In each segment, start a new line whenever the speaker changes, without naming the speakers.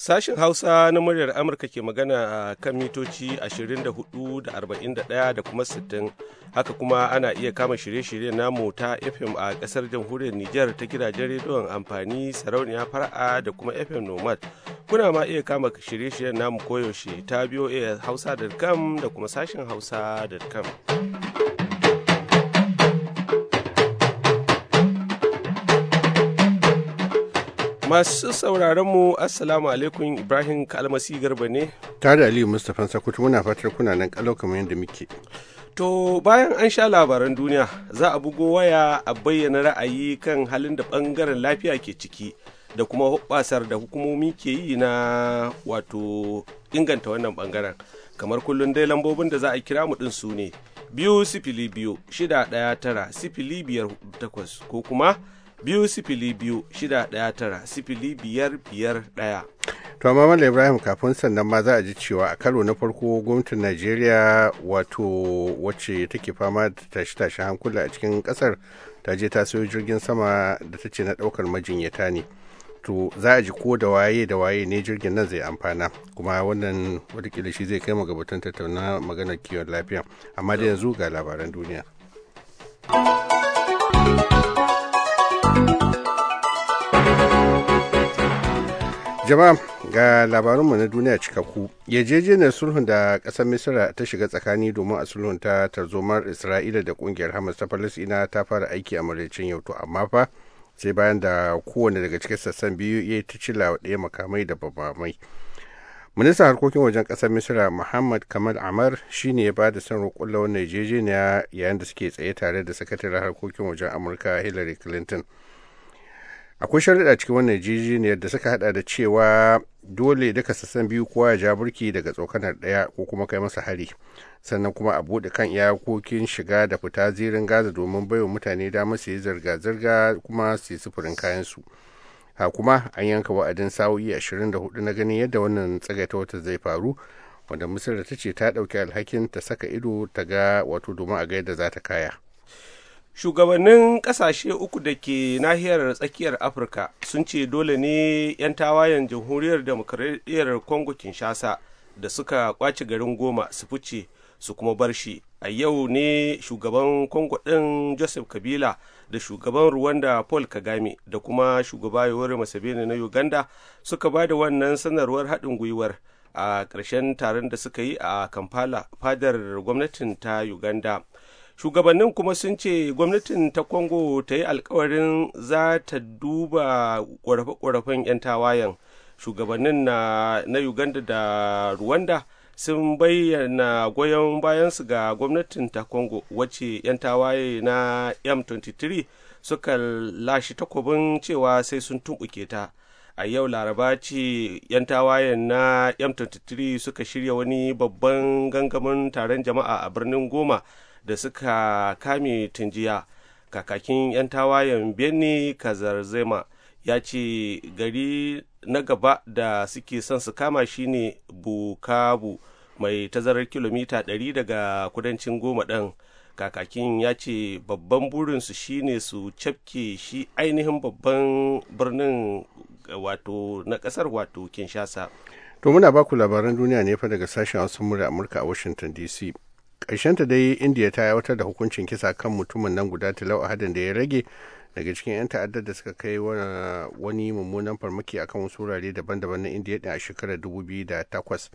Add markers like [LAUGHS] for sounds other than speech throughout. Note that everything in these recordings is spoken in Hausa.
Sashen Hausa na muryar Amurka ke magana a kan mitoci 24 da 41 da kuma 60. Haka kuma ana iya kama shirye-shiryen namu ta FM a kasar jamhuriyar Nijar ta gidajen rediyon amfani sarauniya fara'a da kuma FM Nomad. Kuna ma iya kama shirye-shiryen namu koyaushe ta biyo iya Hausa.com da kuma sashen Hausa.com. Masu sauraron mu Assalamu alaikum Ibrahim Kalmasi Garba ne.
Tare Aliyu Mustapha Sakutu muna fatar kuna nan kalau kamar yadda muke.
To bayan an sha labaran duniya za a bugo waya a bayyana ra'ayi kan halin da bangaren lafiya ke ciki da kuma hubbasar da hukumomi ke yi na wato inganta wannan bangaren. Kamar kullum dai lambobin da za a kira mu ɗin su ne biyu sifili biyu shida daya tara sifili biyar takwas ko kuma biyu sifili biyu shida ɗaya tara sifili biyar biyar daya.
to amma ibrahim kafin sannan ma za a ji cewa a karo na farko gwamnatin najeriya wato wacce take fama da tashe-tashen hankula a cikin kasar ta je ta sayo jirgin sama da ta ce na daukar majinyata ne to za a ji ko da waye da waye ne jirgin nan zai amfana kuma wannan watakila shi zai kai mu batun tattauna maganar kiwon lafiya amma da yanzu ga labaran duniya. jama'a ga labarunmu na duniya cikakku yarjejeniyar sulhun da ƙasar misira ta shiga tsakani domin a sulhunta tarzomar isra'ila da ƙungiyar hamas ta falasina ta fara aiki a maraicin yau to amma fa sai bayan da kowane daga cikin sassan biyu ya ta cila ɗaya makamai da babamai ministan harkokin wajen ƙasar misira muhammad kamal amar shine ya bada son roƙon wannan yarjejeniya yayin da suke tsaye tare da sakataren harkokin wajen amurka hillary clinton akwai sharaɗa cikin wannan yarjejeniyar da suka hada da cewa dole duka sassan biyu kowa ya ja burki daga tsokanar ɗaya ko kuma kai masa hari sannan kuma a buɗe kan iyakokin shiga da fita zirin gaza domin baiwa mutane damar su yi zirga-zirga kuma su yi sufurin kayansu ha kuma an yanka wa'adin sa'o'i 24 na ganin yadda wannan tsagaita wata zai faru wanda misira ta ce ta ɗauki alhakin ta saka ido ta ga wato domin a ga yadda za ta kaya
shugabannin ƙasashe uku da ke nahiyar tsakiyar afirka sun ce dole ne 'yan tawayen jamhuriyar demokradiyyar Kongo kinshasa da suka kwace garin goma su fice su kuma bar shi a yau ne shugaban Kongo ɗin joseph kabila da shugaban rwanda paul kagame da kuma shugaba yoweri museveni na uganda suka ba da wannan sanarwar haɗin gwiwar a ƙarshen taron da suka yi a kampala fadar gwamnatin ta uganda shugabannin kuma sun ce gwamnatin ta Kongo ta yi alkawarin za ta duba ƙorafe-ƙorafen 'yan tawayen shugabannin na, na uganda da rwanda sun bayyana goyon bayansu ga gwamnatin ta Kongo wacce 'yan tawaye na M23 suka lashe takobin cewa sai sun tumɓuke ta. A yau laraba ce 'yan tawayen na M23 suka shirya wani babban gangamin taron jama'a a birnin Goma da suka kame tunjiya kakakin 'yan tawayen benny kazarzema ya ce gari na gaba da suke son su kama shine bukabu mai tazarar kilomita 100 daga kudancin goma ɗin kakakin ya ce babban burinsu shine su cafke shi ainihin babban birnin wato na ƙasar wato kinshasa
to muna baku labaran duniya ne fa daga sashen wasu murya amurka a washington dc karshen ta dai indiya ta yawatar da hukuncin kisa kan mutumin nan guda talau hadin da ya rage daga cikin 'yan ta'addar da suka kai wani mummunan farmaki a kan wasu wurare daban-daban na indiya din a shekarar 2008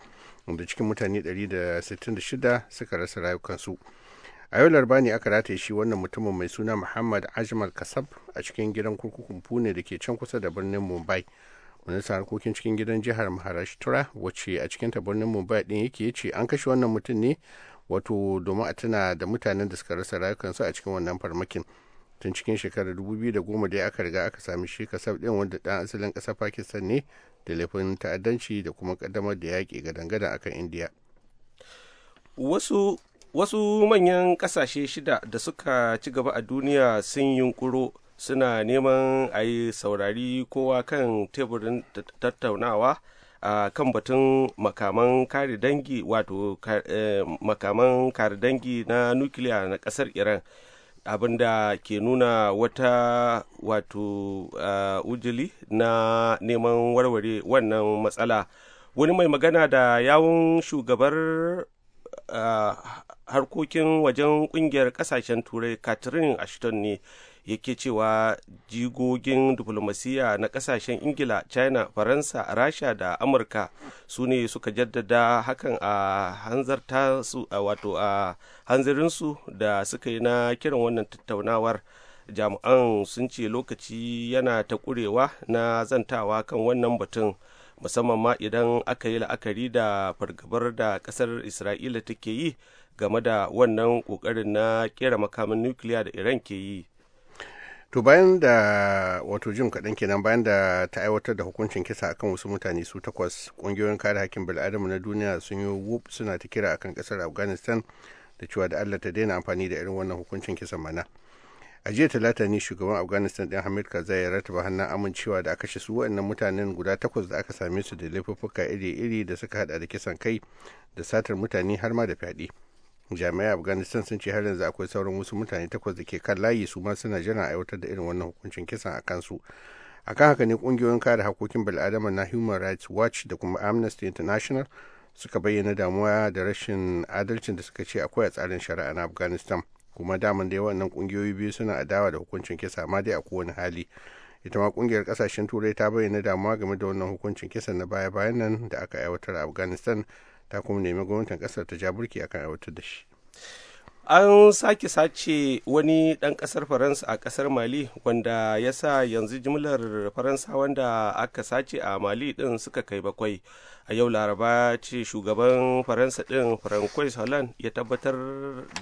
da cikin mutane 166 suka rasa rayukansu a yau laraba ne aka rataye shi wannan mutumin mai suna muhammad ajmal kasab a cikin gidan kurkukun pune da ke can kusa da birnin mumbai wani harkokin cikin gidan jihar maharashtra wacce a cikinta birnin mumbai din yake ce an kashe wannan mutum ne wato domin a tuna da mutanen da suka rasa rayukansu a cikin wannan farmakin tun cikin shekarar 2010 dai aka riga aka sami shi kasaf din wanda dan asalin kasar pakistan ne da laifin ta'addanci da kuma kaddamar da yaƙi gadan-gadan akan india.
wasu wasu manyan kasashe shida da suka ci gaba a duniya sun yunkuro suna neman a yi saurari kowa kan teburin tattaunawa a kan batun makaman kare dangi wato eh, makaman kare dangi na nukiliya na kasar iran abinda ke nuna wata wato ujili na neman warware wannan matsala wani mai magana da yawun shugabar harkokin wajen kungiyar kasashen turai catherine ashton ne yake cewa jigogin diflomasiyya na kasashen ingila china faransa rasha da amurka su ne suka jaddada hakan a hanzarta su wato a hanzarinsu da suka yi na kiran wannan tattaunawar jami'an sun ce lokaci yana ta kurewa na zantawa kan wannan batun musamman ma idan aka yi la'akari da fargabar da kasar isra'ila take yi game da wannan kokarin na kera makamin nukiliya da iran ke yi
to bayan da wato jin kaɗan kenan bayan da ta aiwatar da hukuncin kisa akan wasu mutane su takwas ƙungiyoyin kare hakkin bil'adama na duniya sun yi wup suna ta kira akan ƙasar afghanistan da cewa da allah ta daina amfani da irin wannan hukuncin kisan mana a jiya talata ne shugaban afghanistan ɗin hamid karzai ya rataba hannun amincewa da aka shi su waɗannan mutanen guda takwas da aka same su da laifuffuka iri-iri da suka hada da kisan kai da satar mutane har ma da fyaɗe jami'ai afghanistan sun ce har yanzu akwai sauran wasu mutane takwas da ke kan layi su ma suna jiran aiwatar da irin wannan hukuncin kisan a kansu akan haka ne kungiyoyin kare hakokin bil'adama na human rights watch da kuma amnesty international suka bayyana damuwa da rashin adalcin da suka ce akwai a tsarin shari'a na afghanistan kuma daman da wannan kungiyoyi biyu suna adawa da hukuncin kisa ma dai a kowane hali ita ma kungiyar kasashen turai ta bayyana damuwa game da wannan hukuncin kisa na baya-bayan nan da aka aiwatar a afghanistan ta kuma nemi gwamnatin kasar ta ja burki akan aiwatar da shi
an sake sace wani ɗan ƙasar faransa a ƙasar mali wanda ya sa yanzu jimlar faransa wanda aka sace a mali ɗin suka kai bakwai a yau laraba ce shugaban faransa ɗin francois holland ya tabbatar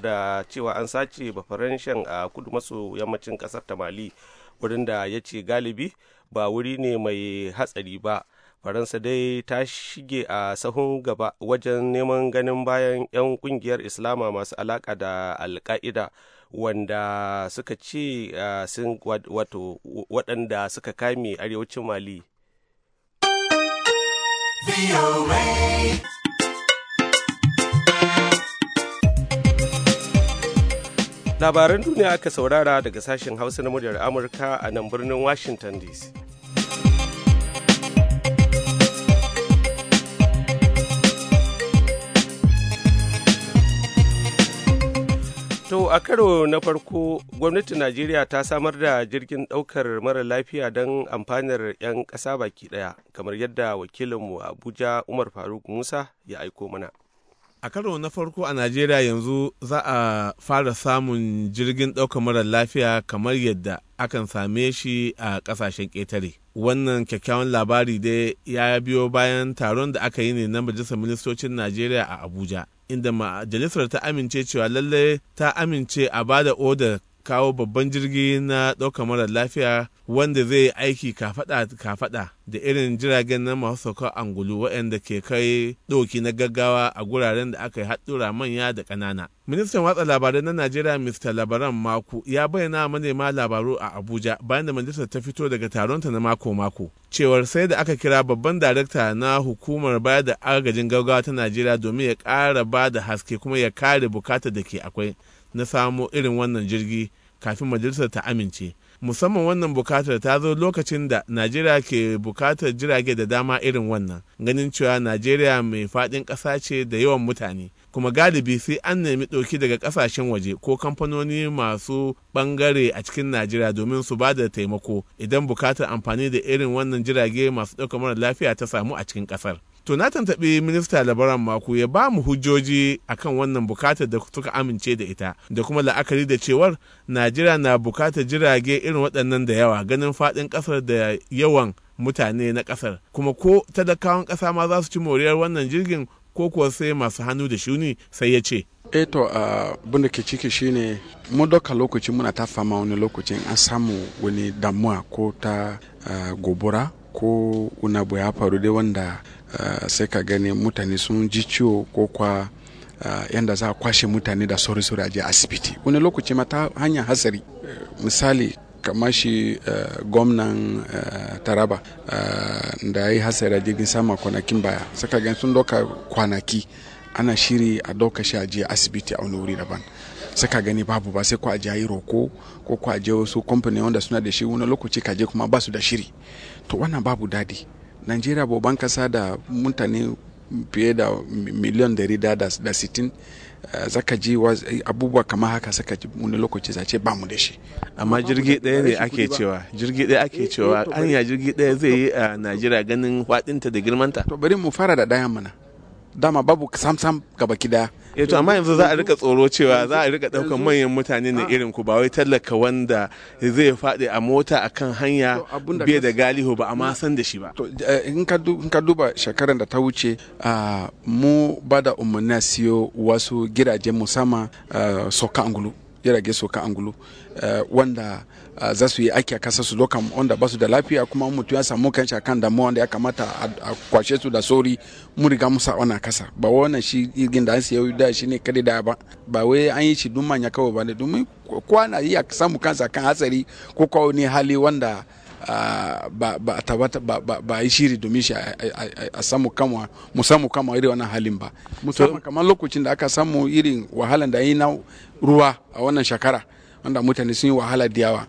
da cewa an sace ba faranshen a kudu maso yammacin ƙasar ta mali wurin da ya ce galibi ba wuri ne mai hatsari ba faransa dai ta shige a sahun gaba wajen neman ganin bayan 'yan kungiyar islama masu alaka da alka'ida wanda suka ce sun wato waɗanda suka kame arewacin mali labaran duniya aka saurara daga sashen hausa na muryar amurka a nan birnin washington dc To a karo na farko gwamnatin Najeriya ta samar da jirgin daukar mara lafiya don amfanar 'yan ƙasa baki daya kamar yadda wakilinmu Abuja Umar Faruk Musa ya aiko mana.
a karo na farko a najeriya yanzu za a fara samun jirgin daukar mara lafiya kamar yadda akan same shi a kasashen ƙetare wannan kyakkyawan labari dai ya biyo bayan taron da aka yi ne na majalisar ministocin najeriya a abuja inda majalisar ta amince cewa lallai ta amince a bada odar kawo babban jirgi na ɗaukar marar lafiya wanda zai aiki kafaɗa-kafaɗa da irin jiragen na masu sauka angulu waɗanda ke kai ɗauki na gaggawa a guraren da aka yi haɗura manya da ƙanana. Ministan watsa labarai na Najeriya Mr. Labaran Maku ya bayyana manema labaru a Abuja bayan da majalisar ta fito daga taronta na mako-mako. Cewar sai da aka kira babban darakta na hukumar bayar da agajin gaggawa ta Najeriya domin ya ƙara ba da haske kuma ya kare bukatar da ke akwai. na samo irin wannan jirgi kafin majalisar ta amince musamman wannan bukatar ta zo lokacin da najeriya ke bukatar jirage da dama irin wannan ganin cewa najeriya mai faɗin ƙasa ce da yawan mutane kuma galibi sai an nemi ɗauki daga ƙasashen waje ko kamfanoni masu ɓangare a cikin najeriya domin su ba da taimako idan bukatar amfani da irin wannan jirage masu ɗaukar mara lafiya ta samu a cikin ƙasar to na tantaɓi minista labaran mako ya ba mu hujjoji akan wannan bukatar da suka amince da ita da kuma la'akari da cewar najeriya na bukatar jirage irin waɗannan da yawa ganin faɗin ƙasar da yawan mutane na ƙasar kuma ko talakawan ƙasa ma za su ci moriyar wannan jirgin ko kuwa sai masu hannu da shuni sai ya ce
eto eh ah, abin da ke ciki shine mun doka lokacin muna ta fama wani lokacin an samu wani damuwa ko ta ah, gobura ko wani abu ya faru dai wanda uh, sai ka gani mutane sun ji ciwo ko kwa uh, yanda za a kwashe mutane da sauri-sauri a je asibiti wani lokaci ma ta hanyar hatsari eh, misali kamar shi gwamnan taraba uh, da ya yi hasari a jirgin sama kwanakin baya ka gani sun doka kwanaki ana shiri a doka shi a je asibiti a wani wuri daban ka gani babu ba sai ko a yi roko ko ko a je wasu kamfani wanda suna da shi wani lokaci kaje kuma ba su da shiri to wannan babu dadi najeriya babban kasa da mutane fiye da miliyan dari da da sitin eh, zaka ji abubuwa kamar haka saka wani lokaci zace ba mu da shi amma
jirgi daya ne ake cewa jirgi daya ake eh, cewa anya jirgi daya zai yi a najeriya ganin faɗinta da girmanta to
bari mu fara da dayan mana dama babu samsam gaba kida eh to amma yanzu za a rika
tsoro cewa za a rika daukan manyan mutane ne ah. irin ku ba wai tallaka wanda zai faɗi a mota akan hanya bai da galihu ba amma
san da shi ba to eh, in ka duba shekaran da ta wuce ah, mu ba da umarni siyo wasu gidajen musamman ah, soka angulu jirage soka angulu eh, wanda eh, za su yi aiki a kasar su lokam wanda ba su da lafiya kuma mutum ya samu kanshi kan damuwa wanda ya kamata a kwashe su da sauri mun riga musa wannan kasa ba wannan shi irgin da an siya da shi ne kare da ba ba wai an yi shi dun manya kawai ba ne domin na iya samu kansa kan hatsari ko kawo ne hali wanda ba a yi shiri domin shi a samu kama mu kama irin wannan halin ba musamman kamar lokacin da aka samu irin wahalan da yi na ruwa a wannan shekara wanda mutane sun yi wahala da yawa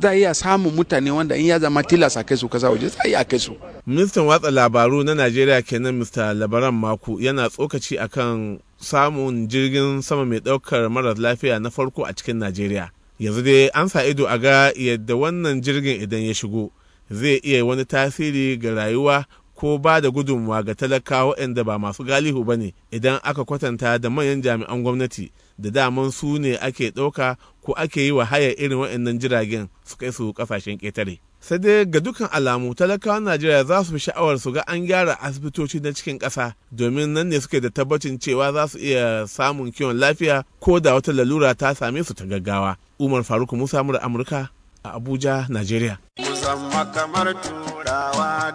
za iya samun mutane wanda in ya zama tilas a kai su kasa waje za a kai su.
ministan watsa labaru na najeriya kenan mr labaran maku yana tsokaci akan samun jirgin sama mai daukar marar lafiya na farko a cikin najeriya yanzu dai an sa ido a ga yadda wannan jirgin idan ya shigo zai iya wani tasiri ga rayuwa ko ba da gudunmuwa ga talakawa waɗanda ba masu galihu ba ne idan aka kwatanta da manyan jami'an gwamnati da daman su ne ake ɗauka ko ake yi wa haya irin waɗannan jiragen su kai su ƙasashen ƙetare. sai dai ga dukkan alamu talakawan najeriya za su fi sha'awar su ga an gyara asibitoci na cikin ƙasa domin nan ne suke da tabbacin cewa za su iya samun kiwon lafiya ko da wata lalura ta same su ta gaggawa umar faruk musa mura amurka a abuja najeriya
musamman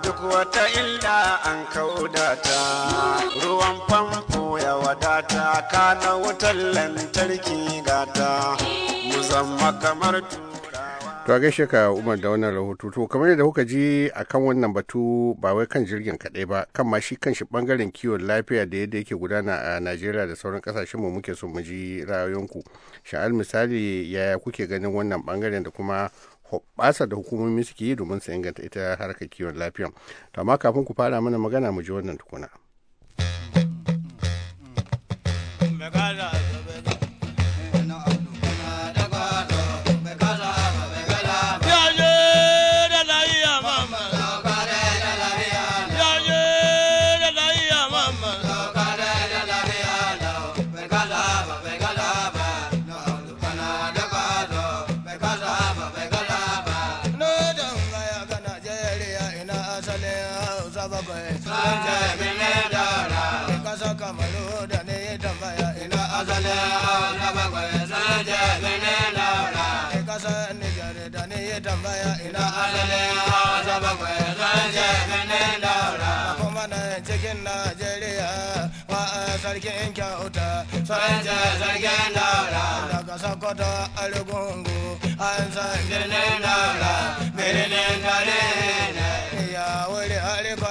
duk wata famfo ya wadata wutar lantarki gata musamman
to gaishe ka umar da wannan rahoto to kamar yadda kuka ji a kan wannan batu ba wai kan jirgin kaɗai ba kan ma shi kanshi bangaren kiwon lafiya da yadda yake gudana a najeriya da sauran kasashen mu muke so mu ji ra'ayoyinku sha'al misali yaya kuke ganin wannan bangaren da kuma hoɓɓasa da hukumomi suke yi domin su inganta ita harkar kiwon lafiya to amma kafin ku fara mana magana mu ji wannan tukuna
bakwai sun alugungu ne ya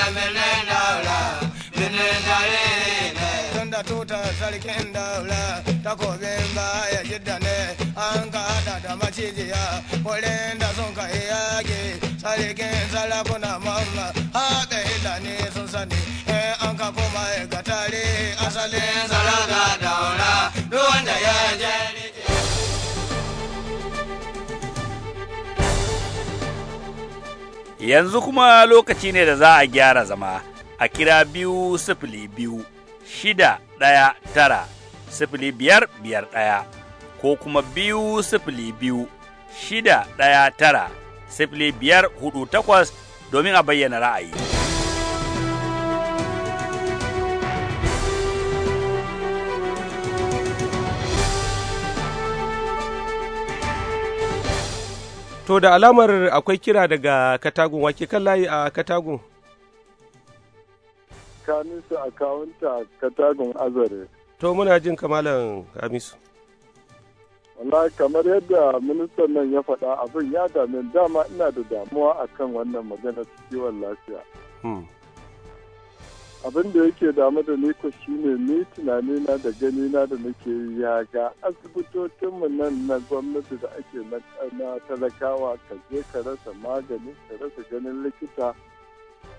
sarkin daula takobin baya jidda ne an kada da macijiya wurin da sun ka yage sarkin sarakuna mamma haka hilani sun sani in eh, an ka kuma ga tarihi asalin sarauta daula duk wanda ya je
yanzu kuma lokaci ne da za a gyara zama a kira biyu sifili biyu shida ɗaya tara sifili biyar biyar ɗaya ko kuma biyu sifili biyu shida ɗaya tara sifili biyar hudu takwas domin a bayyana ra'ayi.
To da alamar akwai kira daga katagun wake kan layi a katagun.
tsakanin a kawunta katagun azare.
To muna jin kamalan Hamisu.
Wala kamar yadda ministan nan ya faɗa abin ya dame dama ina da damuwa akan wannan magana kiwon lafiya. Hmm. Abin da yake damu da niko shine ni tunani na da gani na da nake yi ya ga asibitocinmu nan na gwamnati da ake na talakawa ka je ka rasa magani ka rasa ganin likita.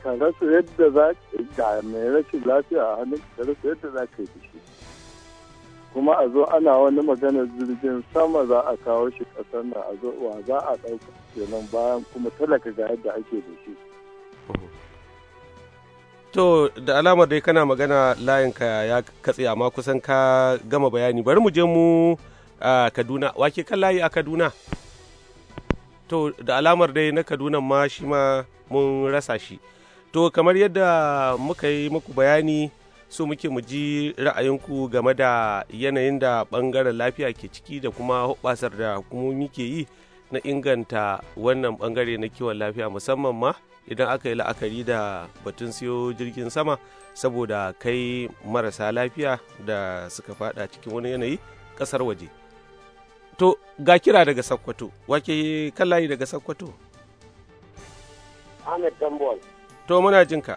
ka rasa yadda za ka mai rashin lafiya a hannun ka rasa yadda za ka yi shi kuma a zo ana wani maganar jirgin sama za a kawo shi ƙasar nan a zo wa za a ɗauka kenan bayan kuma talaka ga yadda ake da shi.
To da alamar dai kana magana layinka ya katse amma kusan ka gama bayani bari mu je mu a Kaduna wake kan layi a Kaduna. To da alamar dai na Kaduna ma shi ma mun rasa shi. to kamar yadda muka yi muku bayani so muke mu ji ra'ayinku game da yanayin da bangaren lafiya ke ciki da kuma hoɓasar da hukumomi ke yi na inganta wannan bangare na kiwon lafiya musamman ma idan aka yi la'akari da batun siyo jirgin sama saboda kai marasa lafiya da suka fada cikin wani yanayi kasar waje to ga kira daga sakkwato wake kallayi daga sokoto. ahmed To muna jin ka.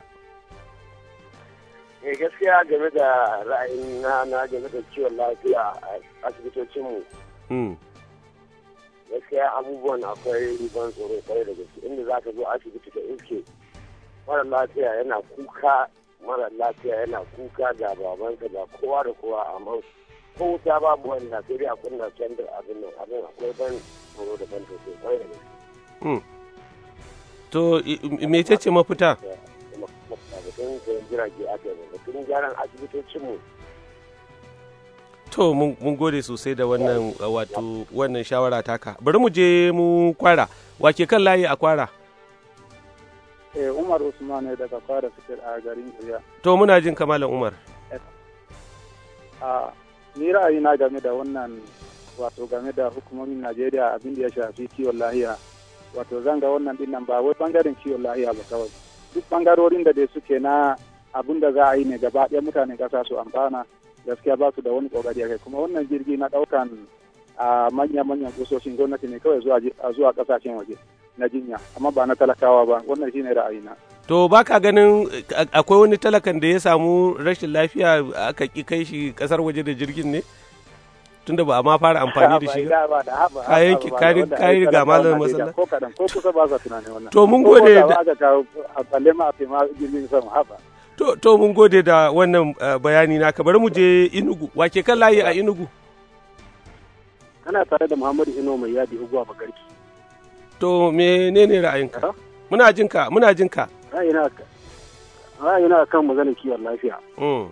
Eh gaskiya game da ra'ayin na na game da ciwon lafiya a asibitocinmu. Hmm. Gaskiya abubuwan akwai riban tsoro kwarai da gaske inda za ka zo asibiti da iske mara lafiya yana kuka mara lafiya yana kuka ga babansa ga kowa da kowa amma ko wuta babu wani sai dai a kunna da abin nan abin akwai ban tsoro da ban tafiya kwarai da gaske.
Hmm.
to ce mafita to mun gode sosai da wannan wato wannan shawara taka bari mu je mu kwara wake kan layi a kwara
eh, umar usman ne daga kwara suke a garin iya
to muna jin kamalan umar
a ra'ayi na game da wannan wato game da hukumomin najeriya abin da ya shafi kiwon lahiya wato zanga wannan dinnan ba wai bangaren ciwon lahiya ba kawai duk bangarorin da dai suke na abun da za a yi ne gaba ɗaya mutanen ƙasa su amfana gaskiya ba su da wani kokari a kai kuma wannan jirgi na ɗaukan a manya-manyan kusoshin gwamnati ne kawai zuwa ƙasashen waje na jinya amma ba na talakawa ba wannan shine ra'ayina.
To ba ka ganin akwai wani talakan da ya samu rashin lafiya aka ƙi kai shi ƙasar waje da jirgin ne? tunda ba a ma fara amfani da shi
kayan [LAUGHS] yanki ka yi riga malar masallaci ko kadan ko kusa ba za tunanin wannan to mun gode da a balle ma fi ma jirgin sama haba to to
mun gode da wannan eh, bayani na ka bari mu je Inugu wake kan layi a Inugu
kana tare da Muhammadu Ino mai yadi ugwa bagarki
to menene ra'ayinka muna jin ka muna jin ka
ra'ayina ka ra'ayina kan maganar kiyar lafiya mm.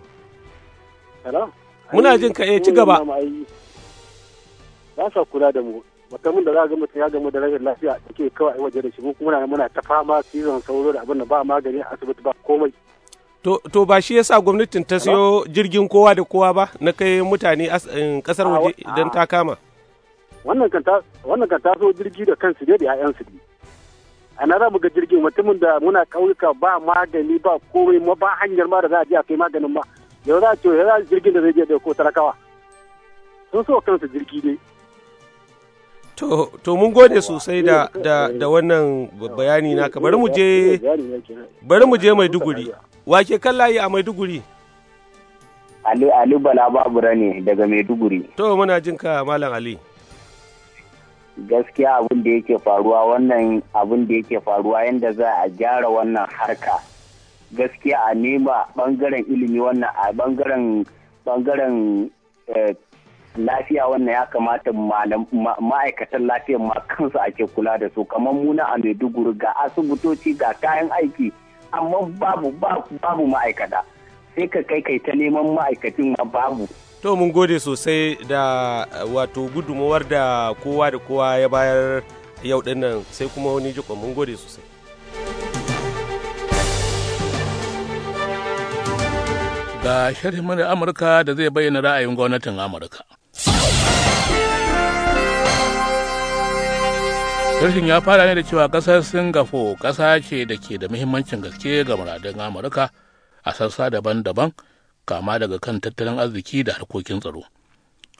muna jin ka eh ci gaba ba sa kula da mu mutumin da za ga mutum ya gamu da rashin lafiya take kawai waje da shi mu kuma muna muna ta fama cizon sauro da abin da ba magani a asibiti ba komai
to to ba shi yasa gwamnatin ta siyo jirgin kowa da kowa ba na kai mutane kasar waje idan ta kama
wannan kan ta wannan kan ta so jirgi da kansu ne da 'ya'yansu ne a na za mu ga jirgin mutumin da muna kauyuka ba magani ba komai ma ba hanyar ma da za a je a kai maganin ba yau za a ce yau za a jirgin da zai je da ko talakawa sun so kansu jirgi ne
To, to mun gode sosai da, da, da wannan bayani naka bari mu je bari mu je Maiduguri. Wake kallaye a Maiduguri?
Ali Ali Bala Babura ne daga Maiduguri.
To muna jin ka Malam Ali.
Gaskiya abin da yake faruwa wannan abin da yake faruwa yadda za a gyara wannan harka. Gaskiya a nema bangaren ilimi wannan a bangaren bangaren eh, lafiya wannan ya kamata ma'aikatan lafiyar ma kansu ake kula da su kamar muna a maiduguri ga asibitoci ga kayan aiki amma babu babu ma'aikata sai ka kai kai ta neman ma'aikacin ma babu
to mun gode sosai da wato gudumawar da kowa da kowa ya bayar yau dinnan sai kuma wani jikon
mun gode sosai ga sharhin amurka da zai bayyana ra'ayin gwamnatin amurka rashin ya fara ne da cewa kasar singapore kasa ce da ke da muhimmancin gaske ga muradun amurka a sassa daban-daban kama daga kan tattalin arziki da harkokin tsaro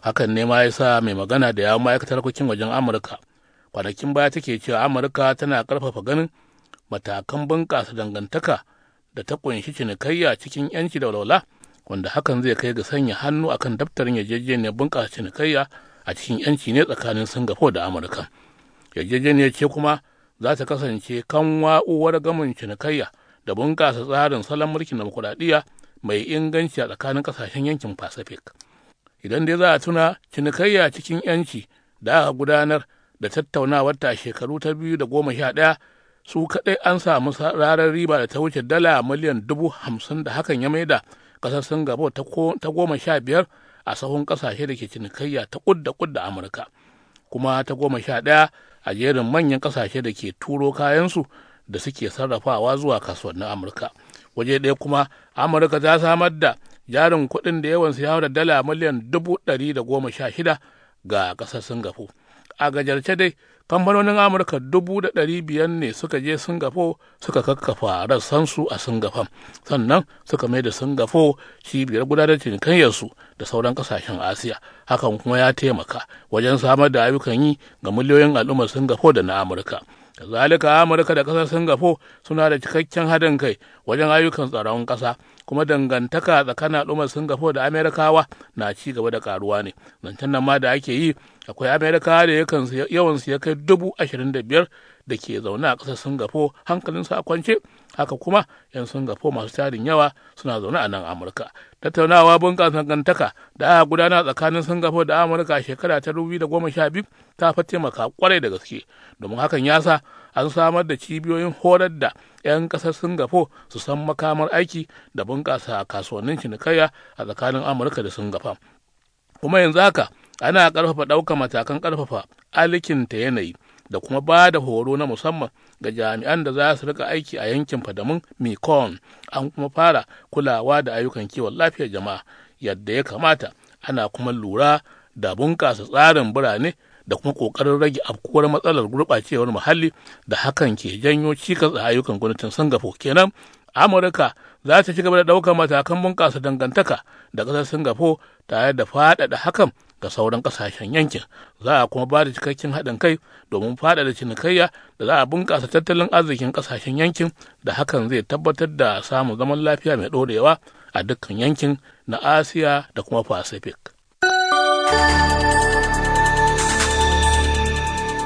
hakan ne ma ya sa mai magana da ya ma'aikatar harkokin wajen amurka kwanakin baya take cewa amurka tana karfafa ganin matakan bunƙasa dangantaka da ta ƙunshi cinikayya cikin yanci da walwala wanda hakan zai kai ga sanya hannu akan daftarin yarjejeniyar bunƙasa cinikayya a cikin yanci ne tsakanin singapore da amurka yarjejeniyar ce kuma za ta kasance kan wa'uwar gamin cinikayya da bunƙasa tsarin salon mulkin demokuraɗiyya mai inganci a tsakanin ƙasashen yankin pacific idan dai za a tuna cinikayya cikin yanci da aka gudanar da tattaunawar ta shekaru ta biyu da goma sha ɗaya su kaɗai an samu rarar riba da ta wuce dala miliyan dubu hamsin da hakan ya maida ƙasar singapore ta goma sha biyar a sahun ƙasashe da ke cinikayya ta ƙudda ƙudda amurka kuma ta goma sha ɗaya a jerin manyan ƙasashe da ke turo kayansu da suke sarrafawa zuwa kasuwannin amurka waje ɗaya kuma amurka ta samar da jarin kuɗin da yawan ya da dala miliyan dubu ɗari da goma sha shida ga ƙasar singapore a gajarce dai kamfanonin amurka dubu da ɗari biyar ne suka je singapore suka kakkafa rassansu a singapore sannan suka mai da singapore cibiyar gudanar cinikayyarsu da sauran kasashen asiya hakan kuma ya taimaka wajen samar da ayyukan yi ga miliyoyin al'ummar singapo da na amurka kazalika amurka da kasar singapore suna da cikakken haɗin kai wajen ayyukan tsaron ƙasa kuma dangantaka tsakanin al'ummar singapore da amerikawa na ci gaba da karuwa ne zancen nan ma da ake yi akwai amerikawa da yawan su ya kai dubu ashirin da biyar da ke zaune a ƙasar singapore hankalinsu a kwance haka kuma 'yan singapore masu tarin yawa suna zaune a nan amurka tattaunawa bunƙasa gantaka da aka gudana tsakanin singapore da amurka a shekara ta biyu ta fa taimaka kwarai da gaske domin hakan ya sa an samar da cibiyoyin horar da 'yan ƙasar singapore su san makamar aiki da bunƙasa kasuwannin cinikayya a tsakanin amurka da singapore kuma yanzu haka ana ƙarfafa ɗaukar matakan ƙarfafa alikinta yanayi da kuma ba da horo na musamman ga jami'an da za su rika aiki a yankin fadamin mekong an kuma fara kulawa da ayyukan kiwon lafiyar jama'a yadda ya kamata ana kuma lura da bunƙasa tsarin birane da kuma ƙoƙarin rage afkuwar matsalar gurɓacewar muhalli da hakan ke janyo cikas a ayyukan gwamnatin singapore kenan amurka za ta ci gaba da ɗaukar matakan bunƙasa dangantaka da ƙasar singapore tare da faɗaɗa hakan ga sauran kasashen yankin za a kuma ba da cikakken haɗin kai domin faɗaɗa cinikayya da za a bunƙasa tattalin arzikin kasashen yankin da hakan zai tabbatar da samun zaman lafiya mai ɗorewa a dukkan yankin na asiya da kuma pacific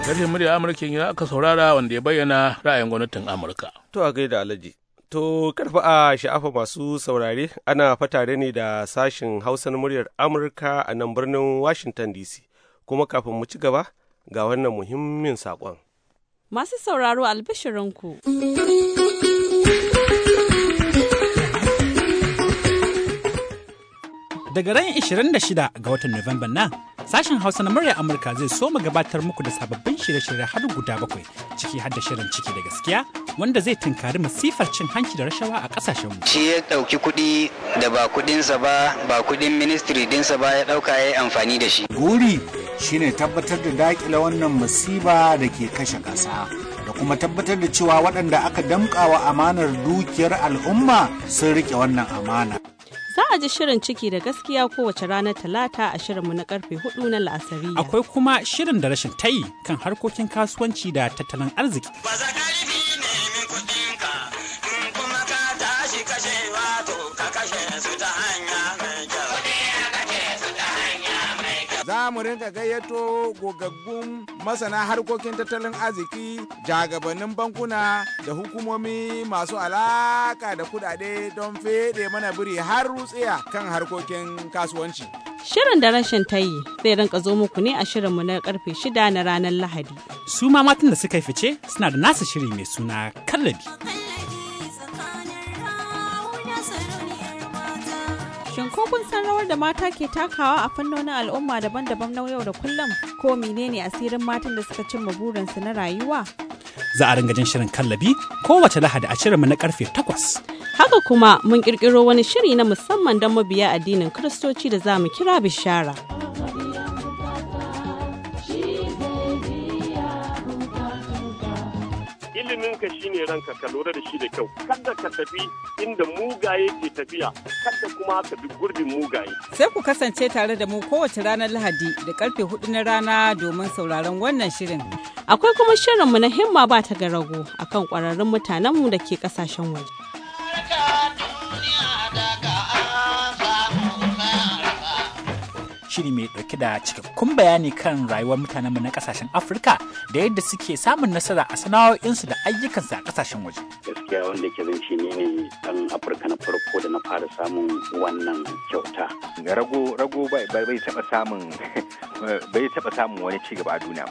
Karfin murya Amurka ya aka saurara wanda ya bayyana ra'ayin gwamnatin Amurka. To a gaida Alhaji. To karfa a sha'afa masu saurare
ana fatare ne da sashin hausan muryar Amurka a nan birnin Washington DC. Kuma kafin mu ci gaba ga wannan muhimmin saƙon.
Masu sauraro albishirinku.
Daga ran 26 ga watan Nuwamban nan, sashen Hausa na murya Amurka zai so mu gabatar muku da sababbin shirye-shirye har guda bakwai, ciki har da shirin ciki da gaskiya wanda zai tunkari masifar cin hanci da rashawa a kasashen mu. Shi ya ɗauki kuɗi da ba kuɗinsa ba ba kuɗin ministry dinsa ba ya ɗauka ya yi amfani da shi.
Guri shine tabbatar da daƙile wannan masiba da ke kashe ƙasa da kuma tabbatar da cewa waɗanda aka damƙawa amanar dukiyar al'umma sun rike wannan amana.
za a ji shirin ciki da gaskiya kowace ranar talata a shirinmu na karfe hudu na
la'asari. Akwai kuma shirin da rashin tayi kan harkokin kasuwanci da tattalin arziki.
zamu
Za mu
rinka gayyato gogaggun masana harkokin tattalin arziki, jagabannin bankuna da hukumomi masu alaka da kudade don fede mana biri har rutsiya kan harkokin kasuwanci.
Shirin da rashin tayi zai rinka zo muku ne a shirinmu na karfe shida na ranar Lahadi.
Su ma matan da suka fice suna da nasa shiri mai suna kallabi.
ko kun san rawar da mata ke takawa a fannonin al'umma daban-daban na yau da kullum ko menene asirin matan da suka cimma burinsu na rayuwa?
Za a ringa jin shirin kallabi kowace lahadi a shirinmu na karfe takwas.
Haka kuma mun kirkiro wani shiri na musamman don mabiya addinin Kiristoci da za mu kira bishara.
shi ne ranka ka lura da shi da kyau kada ka tafi inda mugaye ke tafiya kada kuma ka bi gurbin mugaye
sai ku kasance tare da mu kowace ranar lahadi da karfe hudu na rana domin sauraron wannan shirin akwai kuma shirinmu na himma ba ta garago akan kwararrun mutanenmu da ke kasashen waje
shiri mai ɗauke da cikakkun bayani kan rayuwar mutanenmu na kasashen Afirka da yadda suke samun nasara a sana'o'insu da ayyukansu a kasashen waje. Gaskiya wanda ke zan shi ne ne ɗan Afirka na farko da na fara samun wannan kyauta. Rago rago bai taɓa samun [LAUGHS] bai taɓa samun wani cigaba a duniya.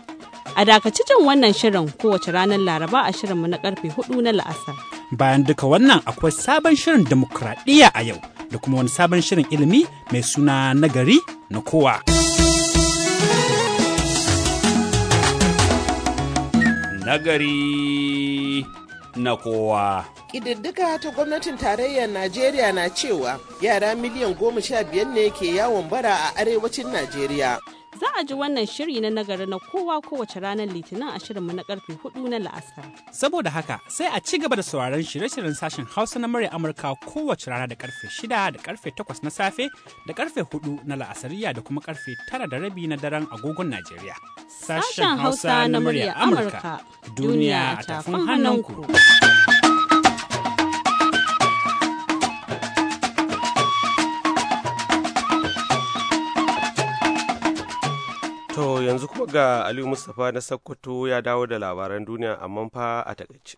A dakaci wannan shirin kowace ranar Laraba a shirinmu na karfe hudu na la'asar.
Bayan duka wannan akwai sabon shirin demokradiyya a yau. da kuma wani sabon shirin ilimi mai suna nagari na kowa. Nagari na kowa.
Ƙididdika ta gwamnatin tarayyar Najeriya na cewa yara miliyan goma sha biyar ne ke yawon bara a arewacin Najeriya. Za a
ji wannan shiri na nagari na kowa kowace ranar Litinin a shirinmu na karfe hudu na la'asar.
Saboda haka sai a ci gaba da sauraron shirye-shiryen sashen Hausa na murya Amurka kowace rana da karfe shida da karfe takwas na safe da karfe hudu na la'asariya da kuma karfe tara da rabi na daren agogon Najeriya. Sashen Hausa na murya Amurka. Duniya a tafin hannunku.
To yanzu kuma ga Aliyu Mustapha na Sokoto ya dawo da labaran duniya amma fa a takaice.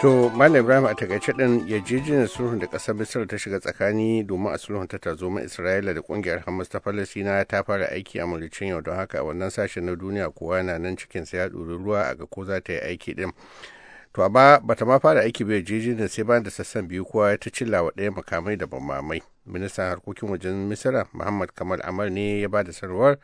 To Malam Ibrahim a takaice din ya yarjejeniyar sulhun da ƙasar Misir ta shiga tsakani domin a sulhun ta tarzoma Isra'ila da kungiyar Hamas ta Falasina ta fara aiki a Mauritania don haka wannan sashen na duniya kowa na nan cikin sa ya ɗori ruwa a ga ko za ta yi aiki din. to amma bata ma fara aiki bai ne sai bayan da sassan biyu kowa ya ta cilla wa ɗaya makamai da bamamai ministan harkokin wajen misira muhammad kamal amar ne ya ba da sanarwar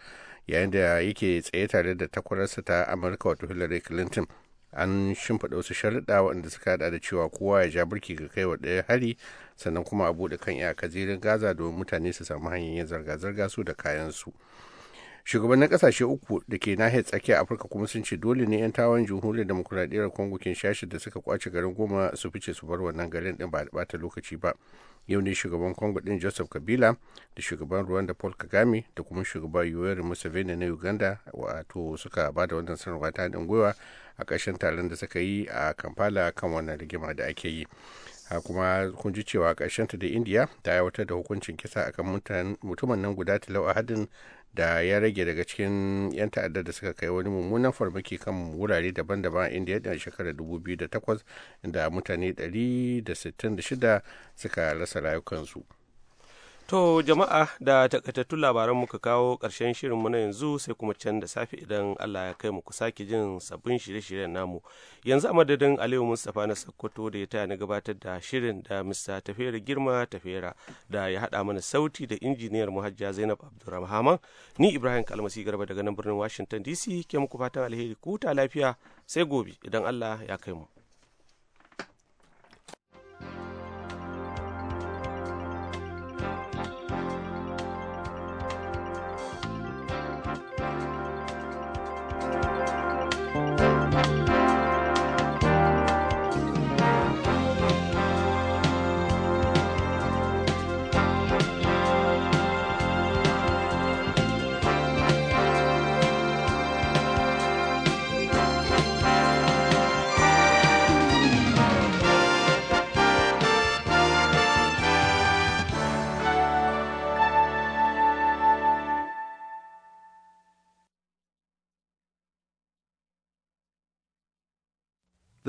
yayin da yake tsaye tare da takwararsa ta amurka wato hillary clinton an shimfiɗa wasu sharuɗa waɗanda suka haɗa da cewa kowa ya ja burki ga kai wa ɗaya hari sannan kuma a buɗe kan iyaka zirin gaza domin mutane su samu hanyar ya zirga-zirga su da kayan su. shugabannin kasashe uku da ke nahiyar tsakiyar afirka kuma sun ce dole ne 'yan tawon jamhuriyar demokuraɗiyyar congo shashi da suka kwace garin goma su fice su bar wannan garin din ba da bata lokaci ba yau ne shugaban congo din joseph kabila da shugaban rwanda paul kagame da kuma shugaban yoweri museveni na uganda wato suka ba da wannan sanarwa ta haɗin gwiwa a ƙarshen taron da suka yi a kampala kan wannan rigima da ake yi kuma kun ji cewa ƙarshen ta da indiya ta aiwatar da hukuncin kisa akan mutumin nan guda talau a hadin da ya rage daga cikin 'yan ta'addar da suka kai wani mummunan farmaki kan wurare daban-daban inda ya dan shekarar 2008 da mutane 166 suka rasa rayukansu.
To jama'a da takaitattun labaran muka kawo ƙarshen shirinmu na yanzu sai kuma can da safe idan Allah ya kai mu ku sake jin sabbin shirye-shiryen namu. Yanzu a madadin Aliyu Mustapha na Sokoto da ya taya na gabatar da shirin da Mr. Tafera Girma Tafera da ya haɗa mana sauti da injiniyar Muhajja Zainab Abdulrahman. Ni Ibrahim Kalmasi Garba daga nan birnin Washington DC ke muku fatan alheri ku lafiya sai gobe idan Allah ya kai mu.